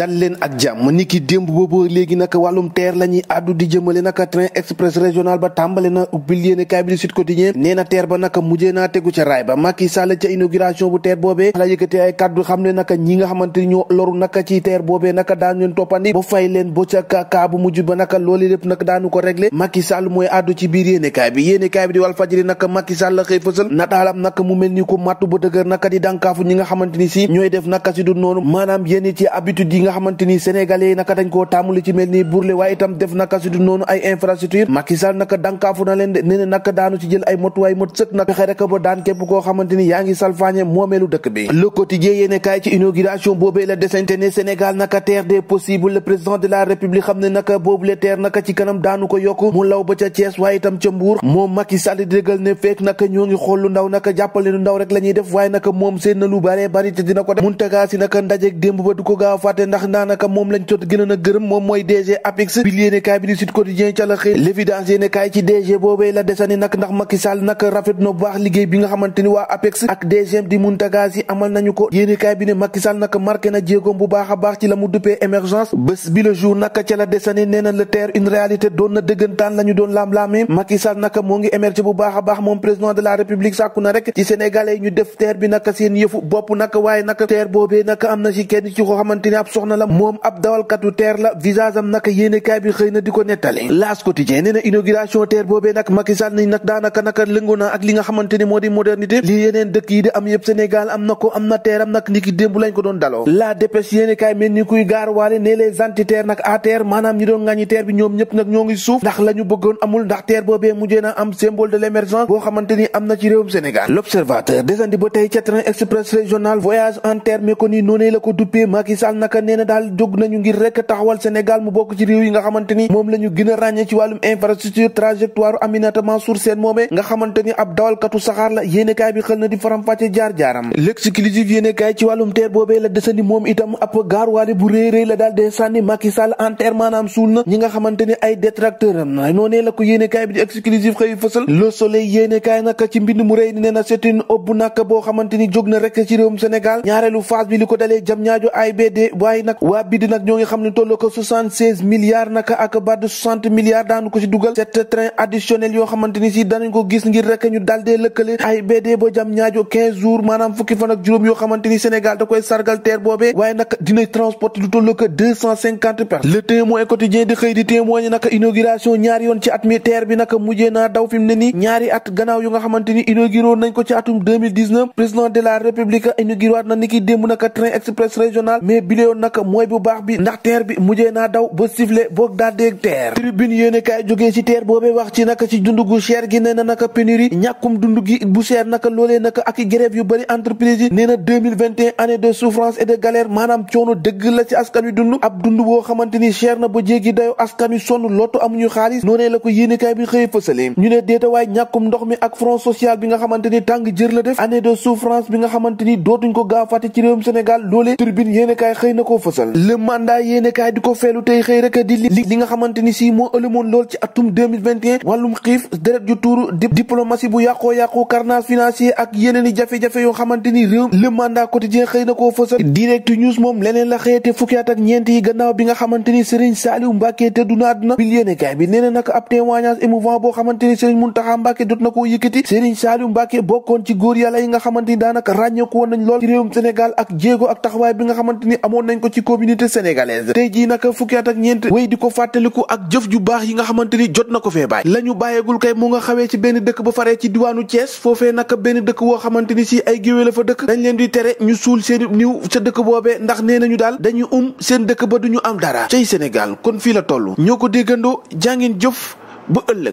dal leen ak jàmm ni ki démb boobu léegi naka wàllum teer la ñuy di jëmale naka train express régional ba tàmbale na ba naka mujjee naa tegu ca raay ba Macky nga xamante ni ñoo loru naka ci teer boobee naka daan leen toppandi ba fay leen ba ca kaa bu mujj ba naka loolu lépp di Walf Fadjri naka ni ko màttu ba dëgër naka si ñooy def naka si noonu maanaam yéen ci habitude nga xamante ni sénégalais yi naka dañ koo taamuli de nee le président de la république xam ne naka boobu le naka ci kanam daanu ko yokk mu law ba ca Thiès waaye itam ca Mbour moom Macky Sall ne fekk naka ñoo ngi xool ndaw naka jàppale lu ndaw rek la def waaye naka moom seen na lu bare bari te dina ko def Mountaga Sy naka ndajeeg démb ba du ko gaaw fàtte ndax naanaka moom lañ jot gënoon a gërëm moom mooy DG Apix bi yéene kaay bi di Sud Quotidien ca la xëy l'évidence yéene kaay ci DG boobee la desani nag ndax Macky Sall nag na jéegoom bu baax a baax ci la mu duppee émergence bés bi le jour ca la desani nee na terre une réalité doon na dëggantaan la doon laam-laamee Macky Sall moo ngi émergé bu baax a baax moom président de la république sàkku na rek ci sénégalais ñu def terre soxna la moom ab dawalkatu teer la visage am naka yéenekaay bi xëy na di ko nettali L'As Quotidien nee na teer boobee nag Macky ni nag daanaka naka lëngu ak li nga xamante moo di modernité li yeneen dëkk yi di am yëpp Sénégal am na ko am na teeram nag niki démb lañ ko doon daloo la dépêche yéenekaay mel ni kuy gaar waale ne les anti-terre nag à terre maanaam ñi doon ŋàññi teer bi ñoom ñëpp nag ñoo ngi suuf ndax la bëggoon amul ndax nee na daal jóg nañu ngir rek taxawal Sénégal mu bokk ci réew yi nga xamante ni moom la ñu gën a ci wàllum infrastructure trajectoire Aminata Mansour Sène moom itam nga xamante ay détracteur na noonee la ko yéenekaay bi di exclusif xëy fësal Le Soleil yéenekaay naka ci mbind mu réy ni nee na c'est une boo xamante ni na rek ci réewum Sénégal ñaareelu phase bi li ko dalee jam ñaajo AIBD waaye nag waa bidi nag ñoo ngi xam ne tolloo ko 76 milliards naka ak baat de 60 milliards daanu ko ci dugal sept train additionnel yoo xamante ni si danañ ko gis ngir rek ñu daldee lëkkale ay BD ba jam ñaajo 15 jours maanaam fukki fan ak juróom yoo xamante ni Sénégal da koy sargal teer boobee waaye nag dina transporter lu tolloo ko 250 personnes le témoin quotidien di xëy di témoigner naka inauguration ñaari yoon ci at mi teer bi naka mujjee at gannaaw yu na ni ki démb naka train express régional mais bi daanaka mooy bu baax bi ndax teer bi mujjee naa daw ba sifle boog daaldeeg teer tribune yéen kaay jógee ci teer boobee wax ci naka ci dund gu cher gi nee na naka pénurie ñàkkum dund gi bu cher naka loolee naka ak i grève yu bëri entreprise yi nee na 2021 année de souffrance et de galère maanaam coono dëgg la ci askan wi dund ab ni cher na ba jéggi dayo askan wi sonn lottu amuñu xaalis noonee la ko yéen kaay bi xëy fësale ñu ne déetawaay ñàkkum ndox mi ak front social bi nga xamante ni tàng jër la def année de souffrance bi nga xamante ni dootuñ ko gaaw fàtte fësal le mandat yéene kaay di ko feelu tey xëy rek di li nga xamante ni si lool ci atum 2021 xiif deret ju tuuru di bu yàqoo-yàqoo carnage financier ak yeneen jafe-jafe yoo xamante réew moom leneen la xëyate fukki at ak ñeent yi gannaaw bi nga xamante ni Serigne Saliou Mbacké tëddu na àdduna bi bi nee na nag ab témoignage boo xamante ni Serigne Mountakha Mbacké jot na koo yëkkati Serigne Saliou Mbacké bokkoon ci góor ci communauté sénégalaise tey jii naka fukki ak ñeent wéy di ko fàttaliku ak jëf ju baax yi nga xamante ni jot na ko fee bàyyi la ñu bàyyeegul kay mu nga xawee ci benn dëkk ba faree ci diwaanu Thiès foofe naka benn dëkk woo xamante ni si ay géwél fa dëkk dañ leen di tere ñu suul seen niw ca dëkk boobee ndax nee nañu daal dañuy um seen dëkk ba duñu am dara cay Sénégal kon fii la toll ñoo ko déggandoo jàngeen jëf ba ëllëg